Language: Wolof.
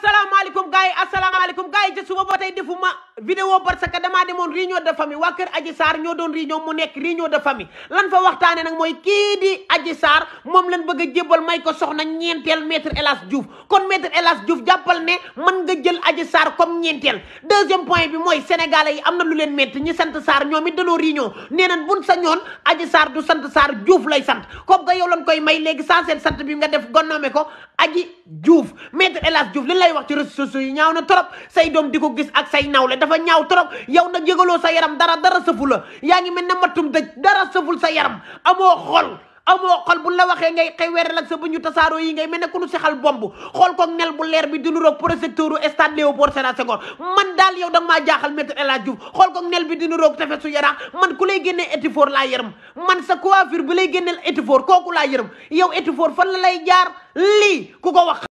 asalaamaaleykum gars yi asalaamaaleykum gars yi ca suba ba tey defu ma vidéo Barsaka damaa demoon réunion de famille waa kër Adji Sarr ñoo doon réunion mu nekk réunion de lan fa waxtaane nag mooy kii di Adji Sarr moom lañ bëgg a jébbal may ko soxna ñeenteel maître El Hadj Diouf kon maître El Hadj Diouf jàppal ne mën nga jël Adji Sarr comme ñeenteel deuxième point bi mooy sénégalais yi am na lu leen métti ñi sant Sarr ñoom it danoo réunion nee nañ buñ sañoon Adji Sarr du sant Sarr Diouf lay sant comme nga yow lañ koy may léegi sans seen sant bi nga def gonnoome ko Adji Diouf maître El Hadj Diouf li lay wax ci réseaux sociaux yi ñaaw na trop say doom di ko gis ak say nawle dafa ñaaw trop yow nag yëgaloo sa yaram dara dara sëfu yaa ngi mel ne mattum dëj dara sëful sa yaram amoo xol amoo xol bu la waxee ngay xëy weer ak sa bu ñu tasaaroo yi ngay mel ne ku nu sexal bomb xool ko nel bu leer bi di nuroog projecteur stade Léopold Sédar Senghor man daal yow da nga maa jaaxal maître El Hadj Diouf xool ko nel bi di nuroog tefesu yara man ku lay génnee étifor laa yërëm man sa coiffure bi lay génneel étifor kooku laa yërëm yow fan la lay jaar lii ku ko wax